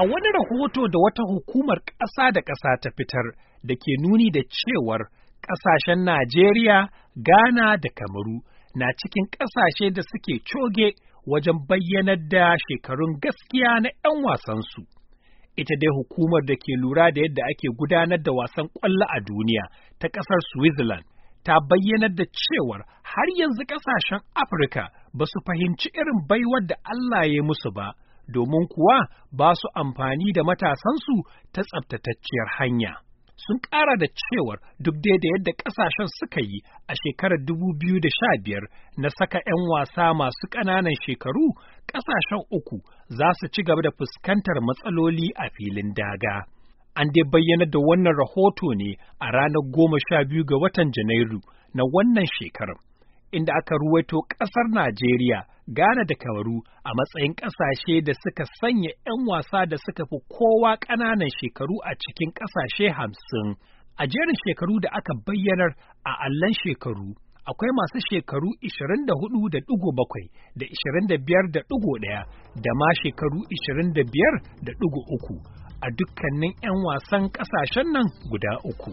A wani rahoto da wata hukumar ƙasa da ƙasa ta fitar da ke nuni da cewar ƙasashen Najeriya, Ghana da Kamaru na cikin ƙasashe da suke coge wajen bayyanar da shekarun gaskiya na 'yan wasansu. Ita dai hukumar da ke lura da yadda ake gudanar da wasan ƙwallo a duniya ta ƙasar Switzerland ta bayyanar da cewar har yanzu ƙasashen Afirka ba su fahimci irin baiwar da Allah ya musu ba. domin kuwa ba su amfani da matasansu ta tsabtatacciyar hanya. Sun ƙara da cewar duk dai da yadda ƙasashen suka yi a shekarar dubu biyu da sha biyar na saka 'yan wasa masu ƙananan shekaru, ƙasashen uku za su ci gaba da fuskantar matsaloli a filin daga. An dai bayyana da wannan rahoto ne a ranar goma sha biyu ga watan Janairu na wannan shekarar, inda aka ruwaito ƙasar Najeriya Ghana da Kamaru a matsayin ƙasashe da suka sanya 'yan wasa da suka fi kowa ƙananan shekaru a cikin ƙasashe hamsin. A jerin shekaru da aka bayyanar a allon shekaru, akwai masu shekaru 24.7 da 25.1 da ma shekaru 25.3 a dukkanin 'yan wasan ƙasashen nan guda uku.